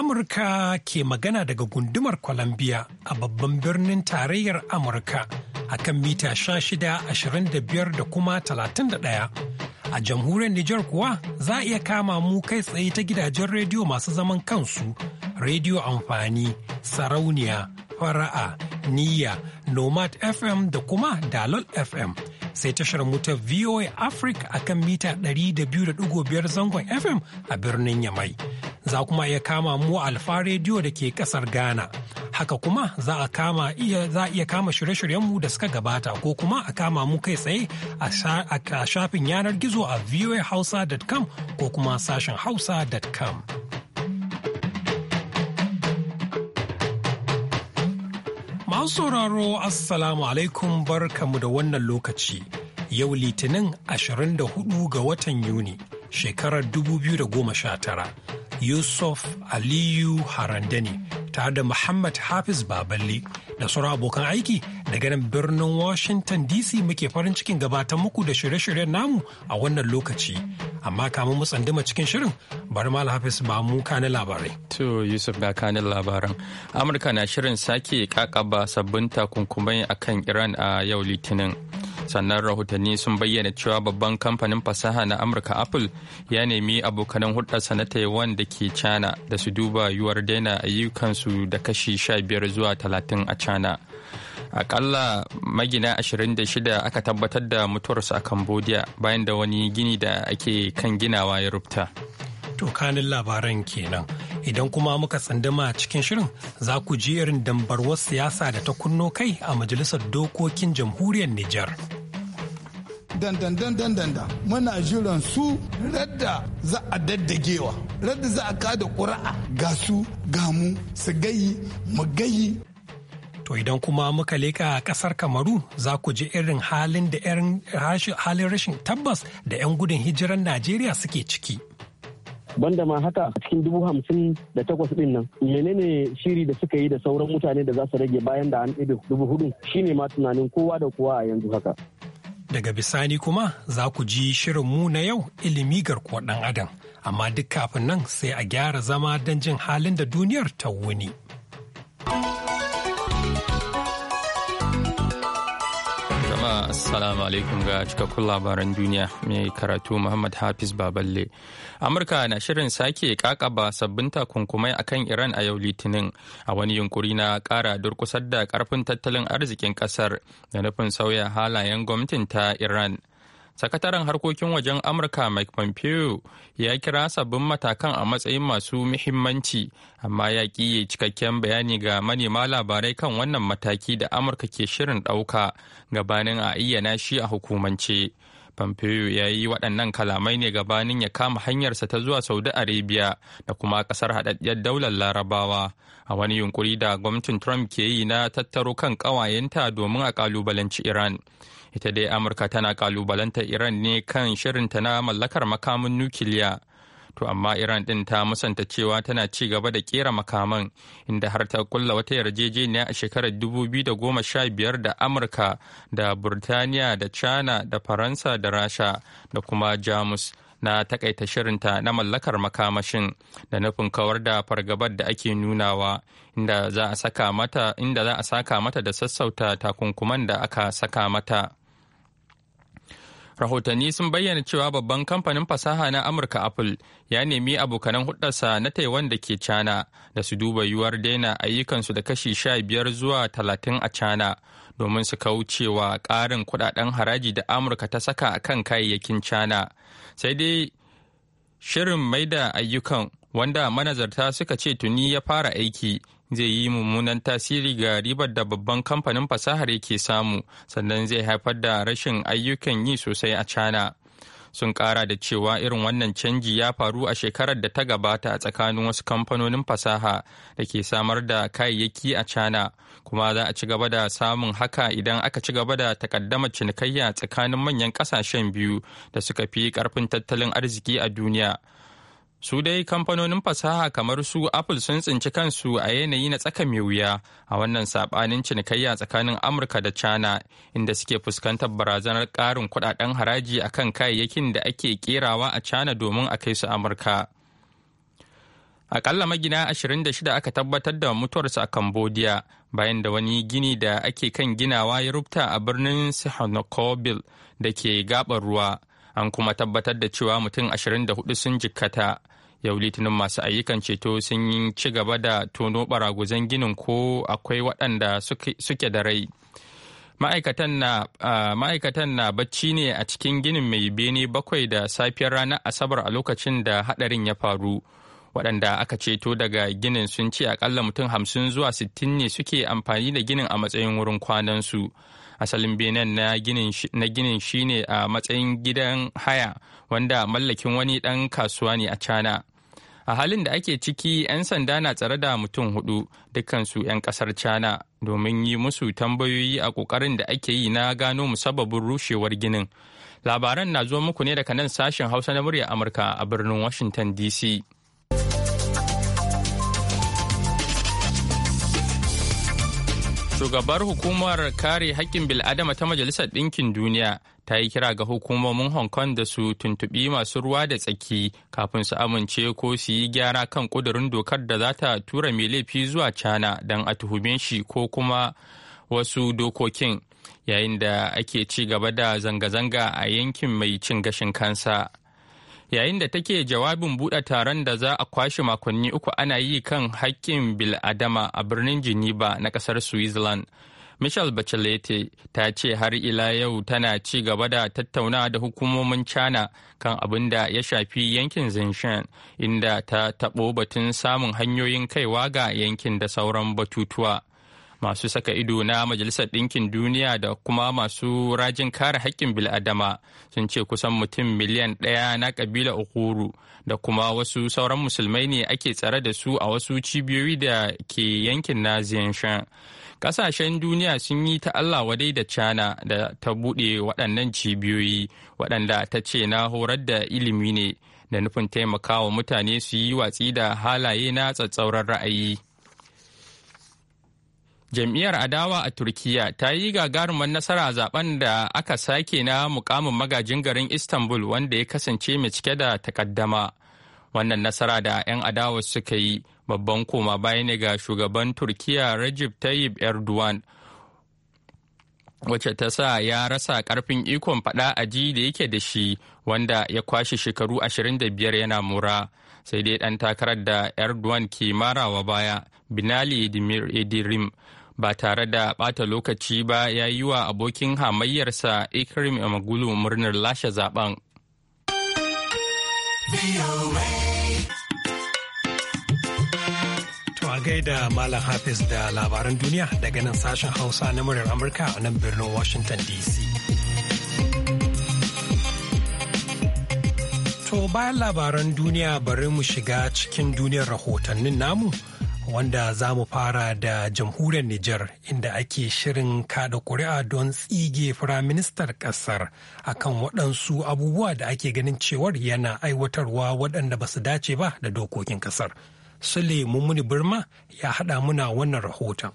Amurka ke magana daga gundumar Columbia a babban birnin tarayyar Amurka a kan mita 1625 da kuma ɗaya. A jamhuriyar Nijar kuwa za a iya kama mu kai tsaye ta gidajen rediyo masu zaman kansu, rediyo amfani, sarauniya, fara'a, niyya, nomad FM da kuma dalol FM. sai tashar mutar VOA Africa a kan mita 200.5 zangon FM a birnin Yamai. Za kuma iya kama mu Alfa rediyo da ke kasar Ghana. Haka kuma za a kama iya za iya kama shirye-shiryenmu da suka gabata ko kuma a kama mu kai tsaye a shafin yanar gizo a voahausa.com ko kuma sashen hausa.com. Masu sauraro Assalamu alaikum barkamu da wannan lokaci. Yau Litinin 24 ga watan Yuni, shekarar 2019. Yusuf Aliyu Harandani tare da Muhammad Hafiz Baballe da sauran abokan aiki daga nan birnin Washington DC muke farin cikin gabatar muku da shirye-shiryen namu a wannan lokaci. Amma kamun mu tsanduma cikin shirin bari mal hafiz ba mu kani labarai. To Yusuf ga kanin labaran. Amurka na shirin sake kakaba sabbin takunkumai akan Iran a yau Litinin. sannan rahotanni sun bayyana cewa babban kamfanin fasaha na amurka apple ya nemi abokanan hulɗarsa na taiwan da ke china da su duba yuwar daina ayyukansu da kashi 15 zuwa 30 a china akalla magina 26 aka tabbatar da mutuwarsu a cambodia bayan da wani gini da ake kan ginawa ya rubuta. to kanin labaran kenan idan kuma muka tsandama cikin shirin za ku ji irin dambarwar siyasa da ta kunno kai a majalisar dokokin jamhuriyar Nijar. dandandandandandan muna jiran su radda za a daddagewa radda za a kada ƙura'a ga su gamu mu su gayi mu gayi To idan kuma muka leka kasar Kamaru za ku ji irin halin da halin rashin tabbas da 'yan gudun hijiran Najeriya suke ciki. banda ma haka a cikin dubu hamsin da takwas din nan menene shiri da suka yi da sauran mutane da za su rage bayan da an ɗebe dubu hudu shine ma tunanin kowa da kowa a yanzu haka daga bisani kuma za ku ji shirin mu na yau ilimi garkuwar ɗan adam amma duk kafin nan sai a gyara zama don jin halin da duniyar ta wuni. Assalamu alaikum ga cikakkun labaran duniya mai karatu Muhammad Hafiz Baballe. Amurka na shirin sake kakaba sabbin takunkumai akan Iran a yau Litinin a wani yunkuri na kara durkusar da karfin tattalin arzikin kasar da nufin sauya halayen gwamnatin ta Iran. sakataren harkokin wajen amurka mike pompeo ya kira sabbin matakan a matsayin masu muhimmanci amma ya ƙi cikakken bayani ga manema labarai kan wannan mataki da amurka ke shirin ɗauka gabanin a ayyana shi a hukumance pompeo ya yi waɗannan kalamai ne gabanin ya kama hanyarsa ta zuwa saudi arabia da kuma ƙasar haɗaɗɗiyar daular larabawa a wani yunkuri da gwamnatin trump ke yi na tattaro kan ƙawayenta domin a ƙalubalanci iran ita dai amurka tana kalubalanta iran ne kan shirinta na mallakar makamin nukiliya to amma iran din ta musanta cewa tana ci gaba da kera makaman inda har ta kulla wata yarjejeniya a shekarar 2015 da amurka da burtaniya da china da faransa da rasha da kuma jamus na takaita shirinta na mallakar makamashin da nufin kawar da fargabar da ake nunawa inda za a saka mata da sassauta takunkuman da aka saka mata. rahotanni sun bayyana cewa babban kamfanin fasaha na amurka apple ya nemi abokanan hudarsa na taiwan da ke cana da su duba yuwar daina ayyukansu da kashi sha biyar zuwa talatin a cana domin su kaucewa ƙarin kudaden haraji da amurka ta saka a kan kayayyakin cana sai dai shirin maida ayyukan wanda manazarta suka ce tuni ya fara aiki zai yi mummunan tasiri ga ribar da babban kamfanin fasahar yake samu sannan zai haifar da rashin ayyukan yi sosai a china sun kara da cewa irin wannan canji ya faru a shekarar da ta gabata a tsakanin wasu kamfanonin fasaha da ke samar da kayayyaki a china kuma za a ci gaba da samun haka idan aka ci gaba da takaddama cinikayya tsakanin manyan kasashen biyu da suka fi karfin tattalin arziki a duniya Su dai kamfanonin fasaha kamar su Apple sun tsinci kansu a yanayi na tsaka mai wuya a wannan saɓanin cinikayya tsakanin Amurka da China inda suke fuskantar barazanar ƙarin kudaden haraji a kan kayayyakin da ake ƙerawa a China domin a kai su Amurka. Akalla magina 26 aka tabbatar da mutuwarsu a Cambodia bayan da wani gini da ake kan ginawa ya rubuta a birnin Sihanoukville da ke gabar ruwa. an kuma tabbatar da cewa mutum 24 sun jikkata yau litinin masu ayyukan ceto sun yi ci gaba da tono baraguzan ginin ko akwai waɗanda suke da rai ma'aikatan na bacci ne a cikin ginin mai bene bakwai da safiyar ranar asabar a lokacin da haɗarin ya faru waɗanda aka ceto daga ginin sun ce akalla mutum hamsin zuwa sittin ne suke amfani da ginin a matsayin wurin kwanansu asalin benen na ginin shine a matsayin gidan haya wanda mallakin wani ɗan kasuwa ne a cana a halin da ake ciki 'yan sanda na tsare da mutum hudu dukansu 'yan kasar china domin yi musu tambayoyi a kokarin da ake yi na gano musabbabin rushewar ginin labaran na zo muku ne daga nan sashen hausa na murya amurka a birnin washington dc Shugabar hukumar kare haƙƙin bil'adama ta Majalisar Ɗinkin Duniya ta yi kira ga hukumomin Hong Kong da su tuntuɓi masu ruwa da tsaki kafin su amince ko su yi gyara kan ƙudurin dokar da za ta tura mai laifi zuwa cana don a tuhume shi ko kuma wasu dokokin yayin da ake ci gaba da zanga-zanga a yankin mai cin gashin kansa. yayin da take jawabin buɗe taron da za a kwashe makonni uku ana yi kan haƙƙin bil'adama a birnin geneva na ƙasar switzerland michelle bachelet ta ce har ila yau tana ci gaba da tattauna da hukumomin china kan abin da ya shafi yankin zinshan inda ta taɓo batun samun hanyoyin kaiwa ga yankin da sauran batutuwa masu saka ido na majalisar ɗinkin duniya da kuma masu rajin kare haƙƙin bil'adama sun ce kusan mutum miliyan ɗaya na ƙabila ukuru da kuma wasu sauran musulmai ne ake tsare da su a wasu cibiyoyi da ke yankin na ziyanshan kasashen duniya sun yi ta Allah wadai da China da ta buɗe waɗannan cibiyoyi waɗanda ta ce na horar da ilimi ne da nufin taimakawa mutane su yi watsi da halaye na tsatsauran ra'ayi. jam'iyyar adawa a turkiyya ta yi gagarumar nasara a zaben da aka sake na mukamin magajin garin istanbul wanda ya kasance mai cike da takaddama wannan nasara da 'yan adawa suka yi babban koma bayan ne ga shugaban turkiyya rajib tayyip erdogan wacce ta sa ya rasa karfin ikon fada aji da yake da shi wanda ya kwashe shekaru 25 yana mura sai dai dan takarar da erdogan ke marawa baya binali edirim ba tare da ɓata lokaci ba ya yi wa abokin hamayyarsa Ikrim Amagulu murnar lashe zaben. gaida Malam Hafiz da labaran duniya daga nan sashen Hausa na muryar Amurka a nan birnin Washington DC. To bayan labaran duniya bari mu shiga cikin duniyar rahotannin namu wanda za mu fara da jamhuriyar Nijar inda ake shirin kada ƙuri'a don tsige firaministar ƙasar akan waɗansu abubuwa da ake ganin cewar yana aiwatarwa waɗanda ba su dace ba da dokokin ƙasar. Sule Mummuni Burma ya haɗa muna wannan rahoton.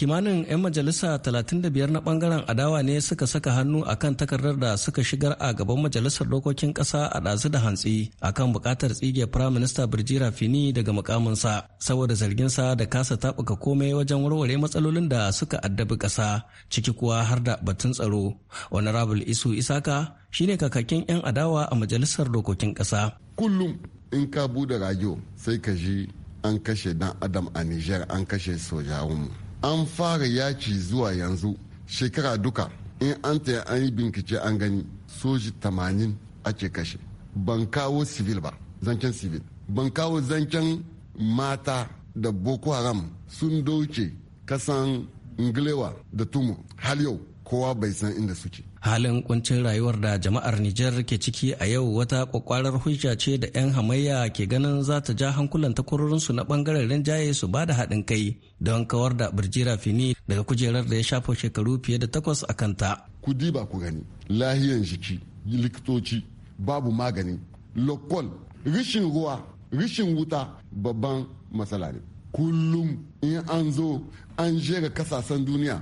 kimanin 'yan majalisa 35 na bangaren adawa ne suka saka hannu a kan takardar da suka shigar a gaban majalisar dokokin kasa a ɗazu da hantsi kan buƙatar tsige firaminista birjira fini daga mukaminsa saboda zarginsa da kasa taɓuka komai wajen warware matsalolin da suka addabi ƙasa ciki kuwa har da batun tsaro honorable isu isaka shine kakakin 'yan adawa a majalisar dokokin ƙasa kullum in ka bude rajo sai ka ji an kashe dan adam a niger an kashe sojawunmu an fara yaki zuwa yanzu shekara duka in an ta an yi bincike an gani soji tamanin ake kashe ban kawo civil ba zancen civil ban kawo zancen mata da boko haram sun doce kasan ngilewa da tumu har yau kowa bai san inda suke halin kuncin rayuwar da jama'ar Nijar ke ciki a yau wata kwakwarar hujja ce da 'yan hamayya ke ganin za ta ja hankulan takwarorinsu na bangaren rinjaye su ba da haɗin kai don kawar da birjira fini daga kujerar da ya shafa shekaru fiye da takwas a kanta. Kudi ba ku gani, lahiyan jiki, likitoci, babu magani, lokol, rishin ruwa, rishin wuta babban matsala ne. Kullum in an zo an jera kasashen duniya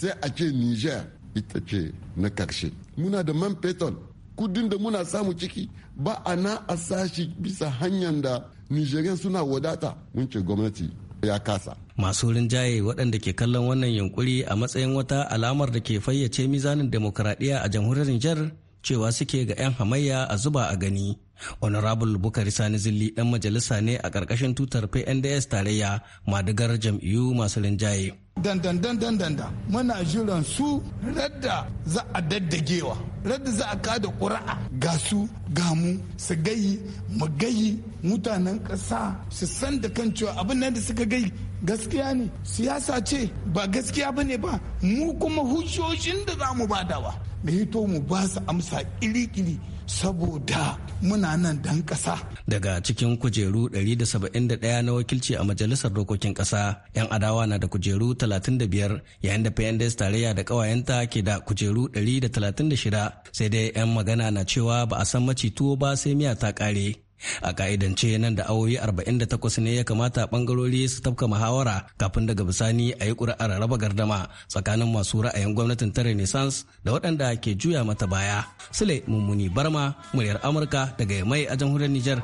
sai a ce niger ita ce na karshe muna da man fetur kudin da muna samu ciki ba a na a sashi bisa hanyar da nigerian suna wadata mun gwamnati ya kasa masu rinjaye waɗanda ke kallon wannan yunkuri a matsayin wata alamar da ke fayyace mizanin demokuraɗiyya a jamhuriyar niger cewa suke ga 'yan hamayya a zuba a gani honorable bukari sani zilli ɗan majalisa ne a ƙarƙashin tutar pnds tarayya madigar jam'iyyu masu rinjaye dandan dandan muna jiran su radda za a daddagewa radda za a kada ƙura'a ga su ga mu su gayi mu gayi mutanen ƙasa su san da kan cewa abin nan da suka gayi gaskiya ne siyasa ce ba gaskiya ba ne ba mu kuma hujjojin da za mu badawa da hito mu ba su amsa iri-iri saboda muna nan dan ƙasa. Daga cikin kujeru 171 na wakilci a majalisar dokokin ƙasa, 'yan adawa na da kujeru 35 yayin da PNDS tarayya da ƙawayenta ke da kujeru 136 sai dai 'yan magana na cewa ba a san maci tuwo ba sai miya ta ƙare. a ka'idance nan da awoyi 48 ne ya kamata bangarori su tafka muhawara kafin daga bisani a yi ƙuri'ar raba gardama tsakanin masu ra'ayin gwamnatin ta renaissance da waɗanda ke juya mata baya sule mummuni barma muryar amurka daga mai a jamhuriyar niger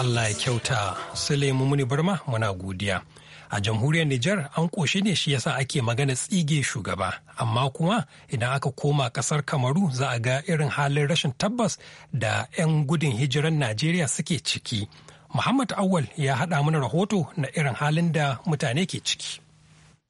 Allah ya kyauta, Sule Mumuni Barma muna godiya. a jamhuriyar Nijar an koshi ne shi yasa ake magana tsige shugaba amma kuma idan aka koma ƙasar Kamaru za a ga irin halin rashin tabbas da 'yan gudun hijiran Najeriya suke ciki. Muhammad Awal ya haɗa mana rahoto na irin halin da mutane ke ciki.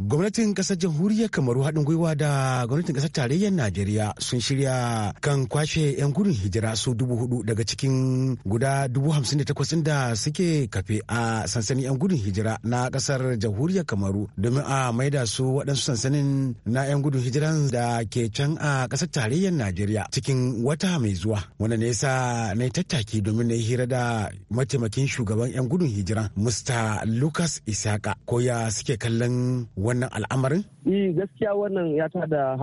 Gwamnatin kasar jamhuriyar Kamaru haɗin gwiwa da gwamnatin kasar tarayyar Najeriya sun shirya kan kwashe 'yan gudun hijira su dubu hudu daga cikin guda dubu hamsin da takwas da suke kafe a sansanin 'yan gudun hijira na kasar jamhuriyar Kamaru domin a maida su waɗansu sansanin na 'yan gudun hijiran da ke can a kasar tarayyar Najeriya cikin wata mai zuwa. Wanda ne yasa na yi tattaki domin na yi hira da mataimakin shugaban 'yan gudun hijira Mr. Lucas Isaka ko ya suke kallon wannan al'amarin? Eh, gaskiya wannan ya tada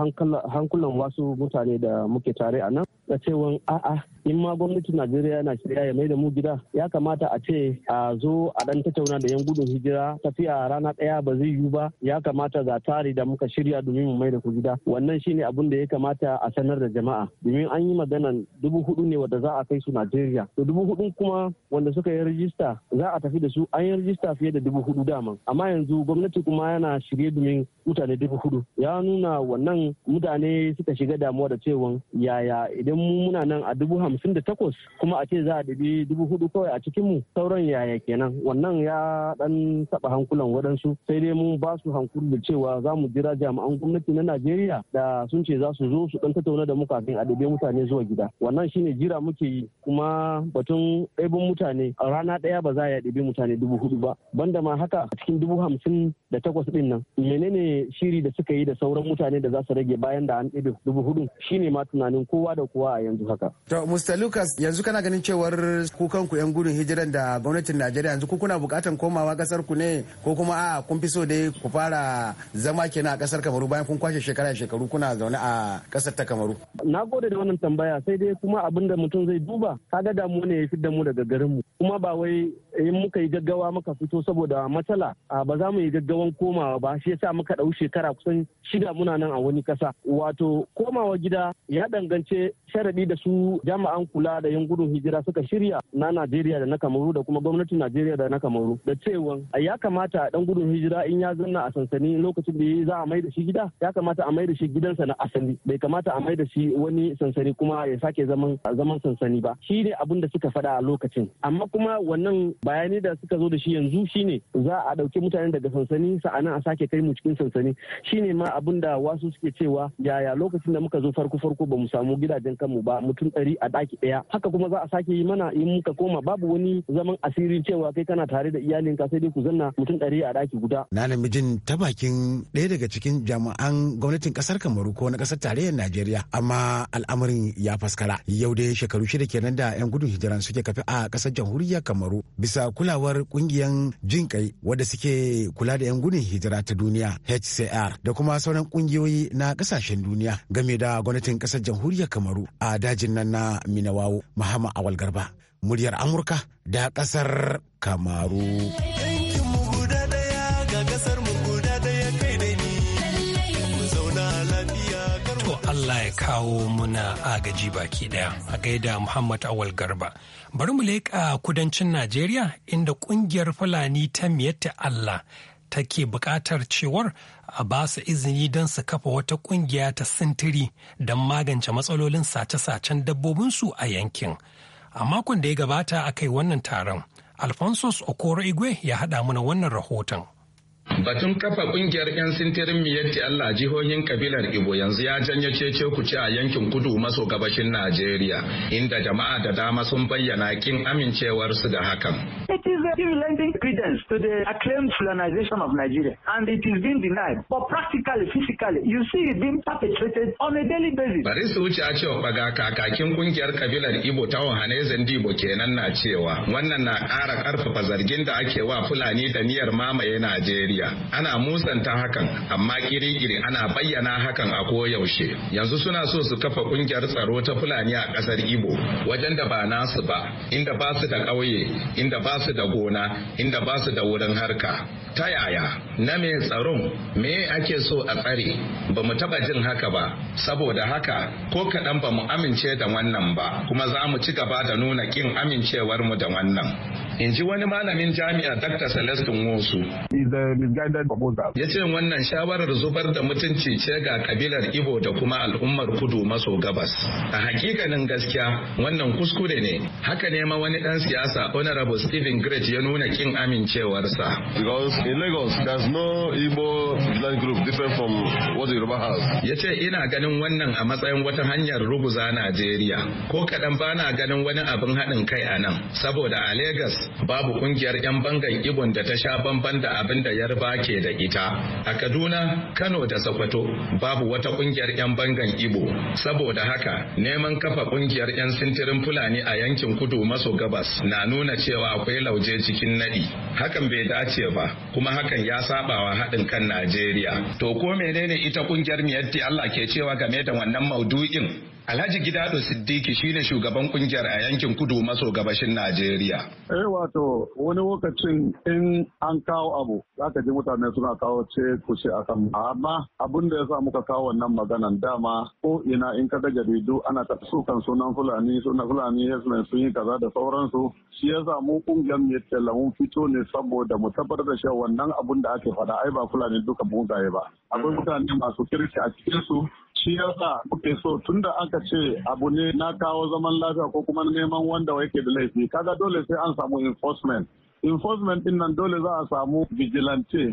hankulan wasu mutane da muke tare a nan. da cewa a'a in ma gwamnatin najeriya na shirya ya mai da mu gida ya kamata a ce a zo a dan tattauna da yan gudun hijira tafiya rana ɗaya ba zai yiwu ba ya kamata ga tari da muka shirya domin mu mai da ku gida wannan shine abin da ya kamata a sanar da jama'a domin an yi maganan dubu hudu ne wanda za a kai su najeriya to dubu hudu kuma wanda suka yi rajista za a tafi da su an yi rajista fiye da dubu hudu daman amma yanzu gwamnati kuma yana shirye domin mutane dubu hudu ya nuna wannan mutane suka shiga damuwa da cewa yaya idan mu muna nan a dubu hamsin da takwas kuma a ce za a ɗabi dubu hudu kawai a cikinmu sauran yaya kenan wannan ya ɗan taɓa hankulan waɗansu sai dai mun ba su hankulu cewa za mu jira jami'an gwamnati na Najeriya da sun ce za su zo su ɗan tattauna da mu kafin a ɗabi mutane zuwa gida wannan shine jira muke yi kuma batun ɗaibin mutane a rana ɗaya ba za a ɗabi mutane dubu hudu ba banda ma haka a cikin dubu hamsin da takwas ɗin nan menene shiri da suka yi da sauran mutane da za su rage bayan da an ɗabi dubu hudu shine ma tunanin kowa da kowa damuwa a yanzu haka. To Mr. Lucas yanzu kana ganin cewar ku 'yan gudun hijiran da gwamnatin Najeriya yanzu ku kuna bukatan komawa kasar ku ne ko kuma a kun fi so dai ku fara zama kenan a kasar Kamaru bayan kun kwashe shekara shekaru kuna zaune a kasar ta Kamaru. Na gode da wannan tambaya sai dai kuma abin da mutum zai duba kaga mu ne ya fi damu daga garin mu kuma ba wai in muka yi gaggawa muka fito saboda matsala ba za mu yi gaggawan komawa ba shi yasa muka ɗau shekara kusan shida muna nan a wani kasa wato komawa gida ya dangance sharadi da su jami'an kula da yan gudun hijira suka shirya na Najeriya da na Kamaru da kuma gwamnatin Najeriya da na Kamaru da cewa ya kamata dan gudun hijira in ya zanna a sansani lokacin da ya za a mai da shi gida ya kamata a mai da shi gidansa na asali bai kamata a mai da shi wani sansani kuma ya sake zaman zaman sansani ba shi ne abin da suka fada a lokacin amma kuma wannan bayani da suka zo da shi yanzu shine za a ɗauki mutanen daga sansani sa'anan a sake kai mu cikin sansani shine ma abin da wasu suke cewa yaya lokacin da muka zo farko farko ba mu samu gidajen kan kanmu ba mutum ɗari a ɗaki ɗaya haka kuma za a sake yi mana in muka koma babu wani zaman asiri cewa kai kana tare da iyalinka sai dai ku zanna mutum ɗari a ɗaki guda. na namijin ta bakin ɗaya daga cikin jami'an gwamnatin ƙasar kamaru ko na ƙasar tarayyar najeriya amma al'amarin ya faskara yau dai shekaru shida kenan da 'yan gudun hijiran suke kafe a ƙasar jamhuriyar kamaru bisa kulawar ƙungiyar kai wadda suke kula da 'yan gudun hijira ta duniya hcr da kuma sauran ƙungiyoyi na ƙasashen duniya game da gwamnatin ƙasar jamhuriyar kamaru a dajin nan na Minawawo Muhammad Awal Garba muryar Amurka da kasar Kamaru. Allah ya kawo muna agaji baki daya a gaida Muhammad Awal Garba. Bari mu leƙa kudancin Najeriya inda ƙungiyar Fulani ta miyatta Allah take buƙatar cewar a ba su izini don su kafa wata kungiya ta sintiri don magance matsalolin sace-sacen dabbobinsu a yankin. A makon da ya gabata a kai wannan taron, Alphonsus Okoro Igwe ya haɗa mana wannan rahoton. Batun kafa kungiyar 'yan sintirin miyatti Allah jihohin kabilar Ibo yanzu ya janyo cece kuce a yankin kudu maso gabashin Najeriya, inda jama'a da dama sun bayyana kin su da hakan. It is a lending credence to the acclaimed Fulanization of Nigeria and it is being denied. But practically, physically, you see it being perpetrated on a daily basis. Bari su wuce a cewa baga kakakin kungiyar kabilar Ibo ta Ohanezen Dibo kenan na cewa wannan na ƙara ƙarfafa zargin da ake wa Fulani da niyyar mamaye Najeriya. ana musanta hakan amma kiri ana bayyana hakan a koyaushe yanzu suna so su kafa kungiyar tsaro ta fulani a kasar ibo wajen da ba nasu ba inda ba su da ƙauye inda ba su da gona inda ba su da wurin harka ta yaya na me tsaron me ake so a tsare ba mu taba jin haka ba saboda haka ko kaɗan ba mu amince da wannan ba kuma za mu ci gaba da nuna ƙin amincewar mu da wannan in ji wani malamin jami'a dr celestin wosu ya ce wannan shawarar zubar da mutunci ce ga kabilar ibo da kuma al'ummar kudu maso gabas a hakikanin gaskiya wannan kuskure ne haka ne ma wani dan siyasa honorable stephen grej ya nuna kin amincewarsa in Lagos there's no Igbo land group different from what the Yoruba has. Ya ce ina ganin wannan a matsayin wata hanyar ruguza Najeriya ko kaɗan na ganin wani abin haɗin kai a nan saboda a Lagos babu ƙungiyar 'yan bangan igbon da ta sha bamban da abin da Yarba ke da ita. A Kaduna, Kano da Sokoto babu wata ƙungiyar 'yan bangan Ibo saboda haka neman kafa ƙungiyar 'yan sintirin Fulani a yankin kudu maso gabas na nuna cewa akwai lauje cikin naɗi. Hakan bai dace ba kuma hakan ya sabawa haɗin kan Najeriya. To ko menene ita kungiyar miyatti Allah ke cewa game da wannan maudu'in? Alhaji Gidado Siddiki shine shugaban kungiyar a yankin kudu maso gabashin Najeriya. Eh wato wani lokacin in an kawo abu zaka ji mutane suna kawo ce kushe a kan amma abin da ya sa muka kawo wannan maganan dama ko ina in ka ga jaridu ana ta sukan sunan Fulani sunan Fulani Hesman sun yi kaza da sauransu shi ya sa mu kungiyar mu yace fito ne saboda mu tabbatar da shi wannan abun da ake faɗa ai ba Fulani duka bugaye ba. Akwai mutane masu kirki a cikin su shi yasa kuke so tunda aka ce abu ne na kawo zaman lafiya ko kuma neman wanda yake da laifi kaga dole sai an samu enforcement enforcement din nan dole za a samu vigilante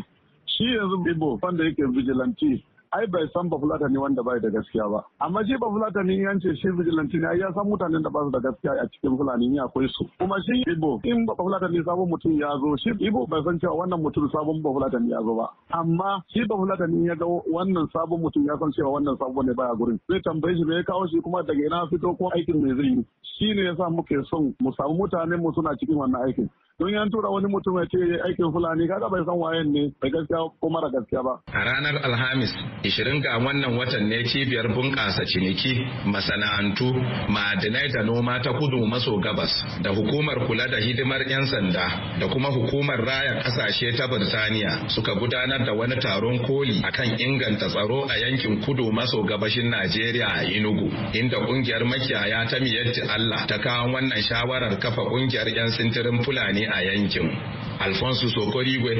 shi yanzu bibo wanda yake vigilante ai bai san ba ne wanda bai da gaskiya ba amma shi ba ne yan ce shi vigilanti ne ya san mutanen da ba su da gaskiya a cikin fulani ne akwai su kuma shi ibo in ba ne sabon mutum ya zo shi ibo bai san cewa wannan mutum sabon ba ne ya zo ba amma shi ba ne ya ga wannan sabon mutum ya san cewa wannan sabon ne baya gurin zai tambaye shi bai kawo shi kuma daga ina fito ko aikin mai zai yi shi ne ya sa muke son mu samu mutane mu suna cikin wannan aikin don yan tura wani mutum ya ce aikin fulani kaga bai san wayen ne Bai gaskiya ko mara gaskiya ba a ranar alhamis ishirin ga wannan watan ne cibiyar bunƙasa ciniki masana'antu ma'adinai da noma ta kudu maso gabas da hukumar kula da hidimar 'yan sanda da kuma hukumar raya ƙasashe ta birtaniya suka gudanar da wani taron koli akan inganta tsaro a yankin kudu maso gabashin najeriya a inugu inda ƙungiyar makiyaya ta miyatti allah ta kawo wannan shawarar kafa ƙungiyar 'yan sintirin fulani a yankin alfonso sokorigwe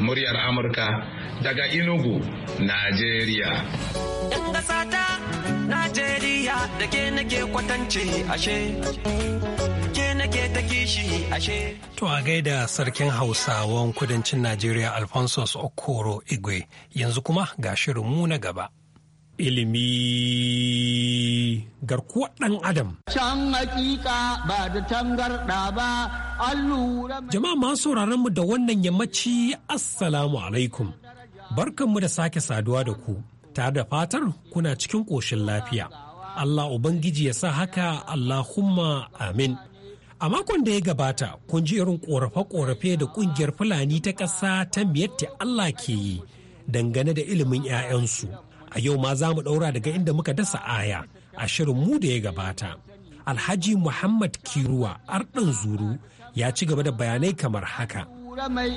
muryar amurka daga inugu Najeriya da ke nake kwatance ashe ke nake ta kishi ashe. To a gaida sarkin Hausawan kudancin Najeriya alfonso Okoro Igwe yanzu kuma ga shirinmu na gaba. ilimi garkuwa ɗan adam. Can hakika ba da tangarɗa ba, an lura Jama'a masu sauraron mu da wannan yammaci Assalamu alaikum. Barkanmu da sake saduwa da ku, tare da fatar kuna cikin ƙoshin lafiya. Allah Ubangiji ya sa haka Allahumma amin. A makon da ya gabata, kun ji irin ƙorafe-ƙorafe da ƙungiyar Fulani ta ƙasa ta miyatta Allah ke yi dangane da ilimin 'ya'yansu. a yau ma za mu ɗaura daga inda muka dasa aya a shirin mu da ya gabata. Alhaji Muhammad Kiruwa arɗin Zuru ya ci gaba da bayanai kamar haka. mai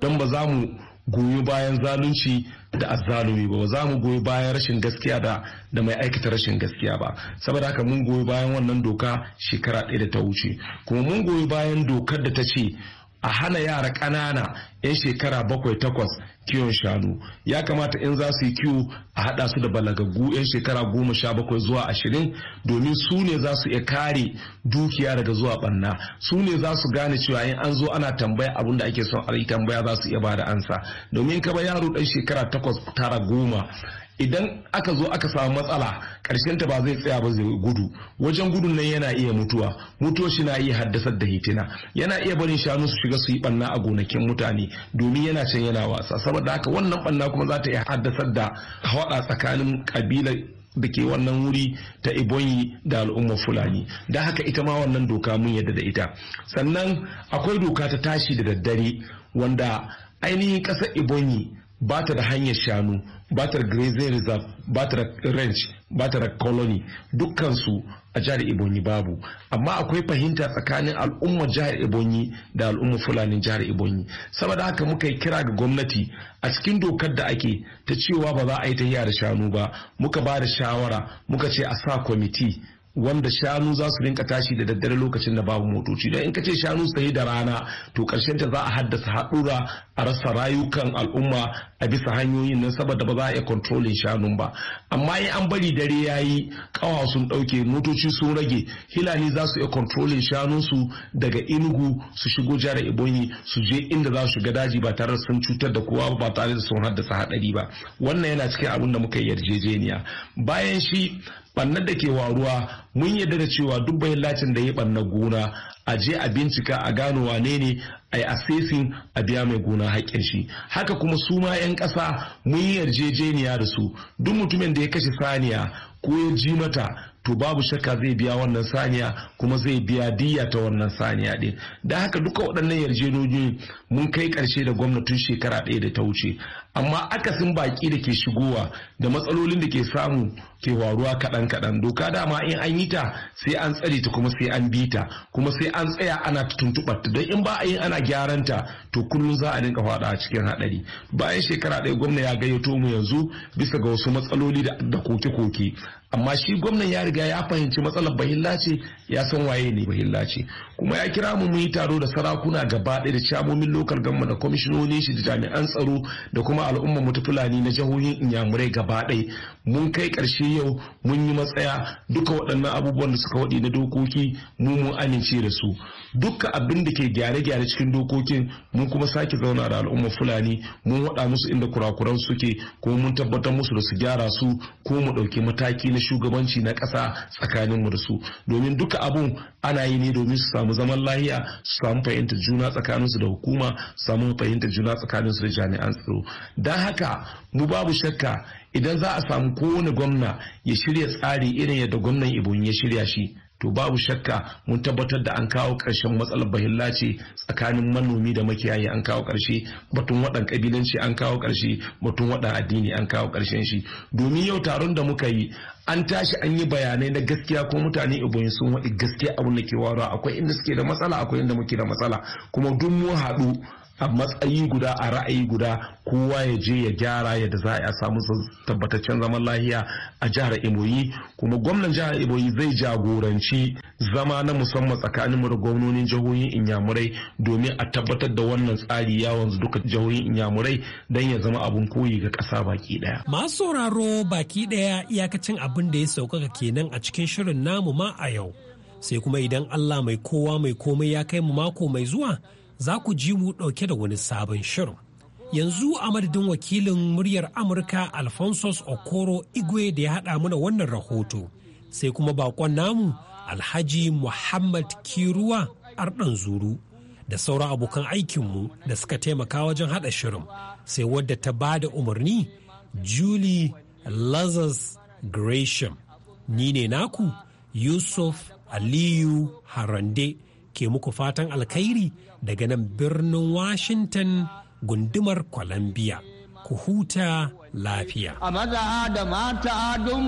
Don ba za mu goyi bayan zalunci da azzalumi ba ba za mu goyi bayan rashin gaskiya da da mai aikata rashin gaskiya ba saboda haka mun goyi bayan wannan doka shekara ɗaya da ta wuce kuma mun goyi bayan dokar da ta ce a hana yara ƙanana 'yan shekara bakwai takwas kiwon shanu ya kamata in za su yi kiwo a hada su da balagaggu 'yan shekara goma sha bakwai zuwa ashirin domin su ne za su iya kare dukiya daga zuwa banna su ne za su gane cewa in an zo ana tambaya abin da ake son a tambaya za su iya da ansa domin ka ba yaro dan shekara takwas tara goma idan aka zo aka samu matsala karshen ta ba zai tsaya ba zai gudu wajen gudun nan yana iya mutuwa mutuwa shi na iya haddasar da hitina yana iya barin shanu su shiga su yi banna a gonakin mutane domin yana can yana wasa saboda haka wannan banna kuma za ta iya haddasar da hawada tsakanin kabila da ke wannan wuri ta ibonyi da al'ummar fulani da haka ita ma wannan doka mun yadda da ita sannan akwai doka ta tashi da daddare wanda ainihin ƙasar ibonyi ba ta da hanyar shanu Batar grazing reserve batar ranch batar colony dukkansu a jihar Ebonyi babu amma akwai fahimta tsakanin al'ummar jihar Ebonyi da al'ummar Fulani jihar Ebonyi saboda haka muka yi kira ga gwamnati a cikin dokar da ake ta cewa ba za a yi ta da shanu ba muka ba da shawara muka ce a sa kwamiti wanda shanu za su rinka tashi da daddare lokacin da babu motoci don in ka ce shanu sayi da rana to karshen ta za a haddasa haɗura a rasa rayukan al'umma a bisa hanyoyin nan saboda ba za a iya kontrolin shanun ba amma in an bari dare ya yi kawa sun ɗauke motoci sun rage hilani za su iya kontrolin su daga inugu su shigo jihar ibonyi su je inda za su shiga daji ba tare da sun cutar da kowa ba tare da sun haddasa haɗari ba wannan yana cikin abin da muka yi yarjejeniya bayan shi bannar da ke waruwa mun yarda da cewa duk bayan lacin da ya banna gona a je a bincika a gano wane ne a yi assessing a biya mai gona haƙƙin shi haka kuma su ma 'yan ƙasa mun yi yarjejeniya da su duk mutumin da ya kashe saniya ko ya ji mata to babu shakka zai biya wannan saniya kuma zai biya diya ta wannan saniya din da haka duka waɗannan yarjejeniyoyi mun kai ƙarshe da gwamnatin shekara ɗaya da ta wuce amma akasin baki da ke shigowa da matsalolin da ke samu ke waruwa kaɗan kaɗan doka dama in an yi ta sai an tsare ta kuma sai an bi ta kuma sai an tsaya ana tuntuɓar ta don in ba a yi ana gyaran ta to kullum za a dinka faɗa a cikin haɗari bayan shekara ɗaya gwamna ya gayyato mu yanzu bisa ga wasu matsaloli da koke-koke amma shi gwamnan ya riga ya fahimci matsalar bahilla ce ya san waye ne bahilla ce kuma ya kira mu mu yi taro da sarakuna gaba ɗaya da chamomin lokal gamma da kwamishinonin shi da jami'an tsaro da kuma al'umma mutu fulani na jihohin inyamurai gaba ɗaya mun kai ƙarshe yau mun yi matsaya duka waɗannan abubuwan da suka waɗi na dokoki mu mun amince da su dukkan abin da ke gyare-gyare cikin dokokin mun kuma sake zauna da al'umma fulani mun waɗa musu inda kurakuran suke ko mun tabbatar musu da su gyara su ko mu ɗauki mataki na shugabanci na ƙasa tsakanin mu da su domin duka abun ana yi ne domin su samu zaman lahiya su samu fahimtar juna tsakanin su da hukuma su samu fahimtar juna tsakanin su da jami'an tsaro don haka mu babu shakka idan za a samu kowane gwamna ya shirya tsari irin yadda gwamnan ibon ya shirya shi to babu shakka mun tabbatar da an kawo ƙarshen matsalar bahillaci tsakanin manomi da makiyayi an kawo ƙarshe batun waɗan ƙabilanci an kawo ƙarshe batun waɗan addini an kawo ƙarshen shi domin yau taron da muka yi an tashi an yi bayanai na gaskiya ko mutane iboyin sun waɗi gaskiya abin da ke akwai inda suke da matsala akwai inda muke da matsala kuma duk mun haɗu a matsayi guda a ra'ayi guda kowa ya je ya gyara yadda za a samu tabbataccen zaman lahiya a jihar imoyi kuma gwamnan jihar imoyi zai jagoranci zama na musamman tsakanin da gwamnonin jihohin Inyamurai domin a tabbatar da wannan tsari ya wanzu duka jihohin Inyamurai don ya zama abun koyi ga ƙasa baki ɗaya. Masu sauraro baki ɗaya iyakacin abin da ya sauƙaƙa kenan a cikin shirin namu ma a yau. Sai kuma idan Allah mai kowa mai komai ya kai mu mako mai zuwa za ku ji mu ɗauke da wani sabon shirin. Yanzu a madadin wakilin muryar Amurka Alphonsus Okoro Igwe da ya haɗa mana wannan rahoto, sai kuma bakon namu Alhaji Muhammad Kiruwa Arɗan Zuru da sauran abokan aikinmu da suka taimaka wajen haɗa shirin, sai wadda ta ba da umarni Julie Lazarus Gresham. Ni ne naku Yusuf Aliyu Harande. ke muku fatan alkhairi daga nan birnin Washington gundumar Columbia. Ku huta lafiya. A maza da mata don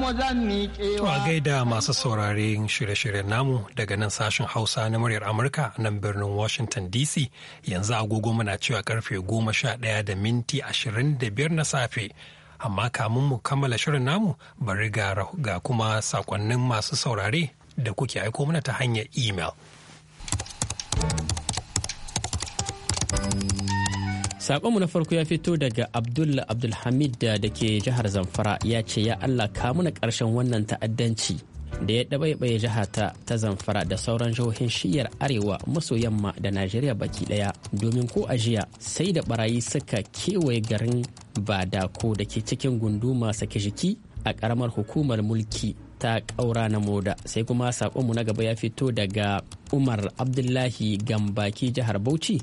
To a gaida masu saurare shirye-shiryen namu daga nan sashen Hausa na muryar Amurka nan birnin Washington DC yanzu agogo muna cewa karfe goma sha ɗaya da minti ashirin da biyar na safe. Amma kamun mu kammala shirin namu bari ga kuma sakonnin masu saurare da kuke aiko mana ta hanyar email. saƙonmu na farko ya fito daga Abdul Abdulhamid da ke jihar Zamfara ya ce ya Allah na ƙarshen wannan ta'addanci da ya ɗabaiɓaye jihata ta Zamfara da sauran jihohin shiyar Arewa maso yamma da Najeriya baki ɗaya domin ko a jiya sai da barayi suka kewaye garin Badako da ke cikin gunduma sake jiki a ƙaramar hukumar mulki ta ƙaura na moda sai kuma saƙonmu na gaba ya fito daga umar abdullahi gambaki jihar bauchi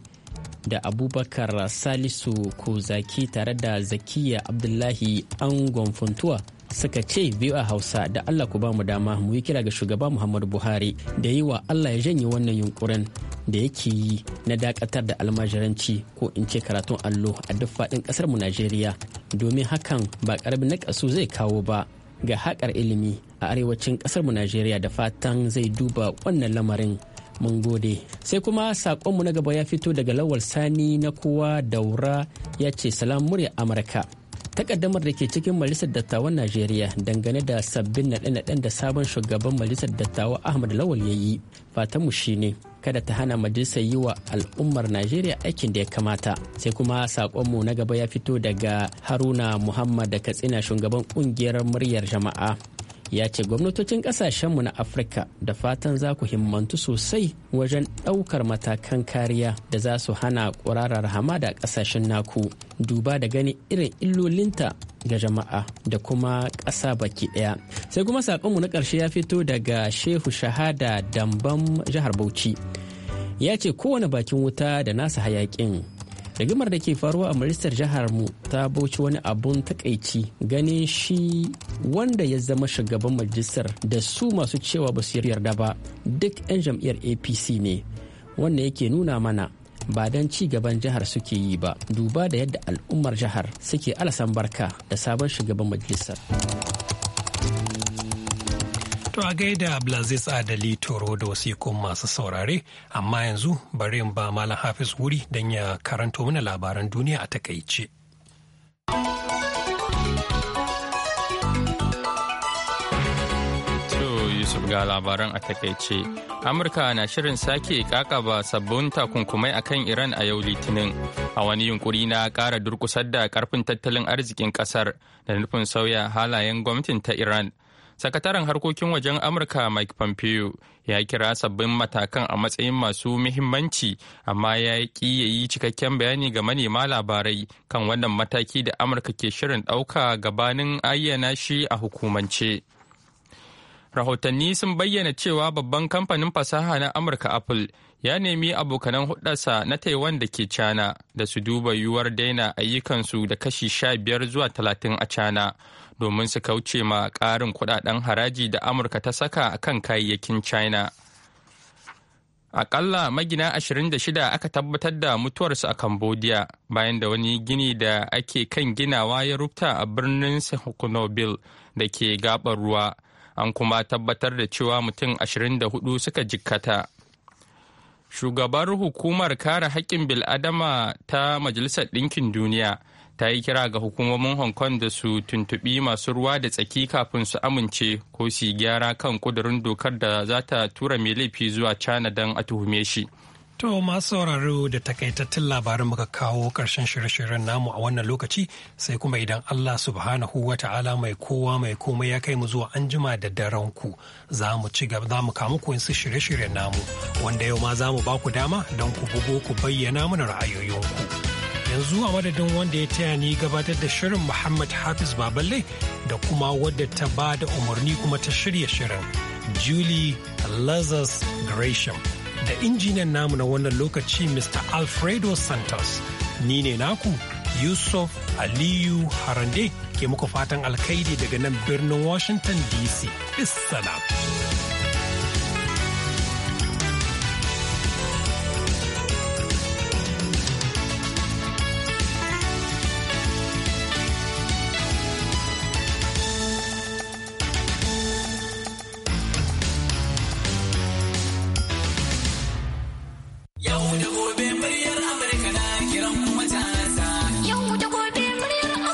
da abubakar salisu kozaki tare da zakiya abdullahi angon funtuwa suka ce biyu a hausa da allah ku ba mu dama mu yi kira ga shugaba muhammadu buhari da yi wa allah ya janye wannan yunkurin da yake yi na dakatar da almajiranci ko in ce karatun allo a duk faɗin ƙasar mu najeriya domin hakan ba ƙaramin na zai kawo ba ga haƙar ilimi a arewacin mu najeriya da fatan zai duba wannan lamarin mun gode sai kuma sakonmu na gaba ya fito daga lawal sani na kowa daura ya ce salam murya amurka takaddamar da ke cikin majalisar dattawan najeriya dangane da sabbin naɗe-naɗen da sabon shugaban majalisar dattawa ahmad lawal ya yi fatanmu shine kada ta hana majalisar yi wa al'ummar najeriya aikin da ya kamata sai kuma mu na gaba ya fito daga haruna muhammad da katsina shugaban kungiyar muryar jama'a ya ce gwamnatocin kasashenmu na afirka da fatan za ku himmantu sosai wajen ɗaukar matakan kariya da za su hana ƙurarar hamada ƙasashen naku duba da gani irin illolinta ga jama'a da kuma ƙasa baki ɗaya sai kuma saƙonmu na ƙarshe ya fito daga shehu shahada dambam jihar bauchi ya ce kowane bakin wuta da nasa hayaƙin rigimar da ke faruwa a majalisar jihar mu ta bauchi wani abun takaici ganin shi wanda ya zama shugaban majalisar da su masu cewa ba su yarda ba duk 'yan jam'iyyar apc ne wanda yake nuna mana ba don ci gaban jihar suke yi ba duba da yadda al'ummar jihar suke alasan barka da sabon shugaban majalisar To a gaida Blazis Adali Toro da wasikun masu saurare, amma yanzu bari in ba Malam Hafiz wuri don ya karanto mana labaran duniya a takaice. Yusuf ga labaran a takaice. Amurka na shirin sake kakaba sabbin takunkumai a kan Iran a yau Litinin a wani yunkuri na kara durkusar da karfin tattalin arzikin kasar da nufin sauya halayen gwamnatin ta Iran. sakataren harkokin wajen amurka mike pompeo ya kira sabbin matakan a matsayin masu muhimmanci amma ya ƙi ya yi cikakken bayani ga manema labarai kan wannan mataki da amurka ke shirin ɗauka gabanin ayyana shi a hukumance. rahotanni sun bayyana cewa babban kamfanin fasaha na amurka apple ya nemi abokanan hudarsa na taiwan da ke cana da su duba yiwuwar daina ayyukansu da kashi sha zuwa talatin a cana domin su kauce ma karin kudaden haraji da amurka ta saka a kan kayayyakin china akalla magina 26 aka tabbatar da mutuwarsu a cambodia bayan da wani gini da ake kan ginawa ya rufta a birnin sihanoukville da ke gabar ruwa an kuma tabbatar da cewa mutum 24 suka jikkata shugabar hukumar kare haƙƙin bil'adama ta majalisar ɗinkin duniya ta yi kira ga hukumomin hong kong da su tuntuɓi masu ruwa da tsaki kafin su amince ko su gyara kan ƙudurin dokar da za ta tura mai laifi zuwa china don a tuhume shi. To masu sauraro da takaitattun labarin muka kawo ƙarshen shirye-shiryen namu a wannan lokaci sai kuma idan Allah subhanahu wa ta'ala mai kowa mai komai ya kai mu zuwa anjima da daren ku za mu ci gaba za mu kamu ku su shirye-shiryen namu wanda yau ma za mu ba ku dama don ku bugo ku bayyana mana ra'ayoyinku. Yanzu a madadin wanda ya taya ni gabatar da shirin Muhammad Hafiz Baballe da kuma wadda ta ba da umarni kuma ta shirya shirin Julie Lazarus Gresham. da injiniyan namu na wannan lokaci Mr. Alfredo Santos. Ni ne naku Yusuf Aliyu Harande ke muku fatan alkaidi daga nan birnin Washington DC. Bis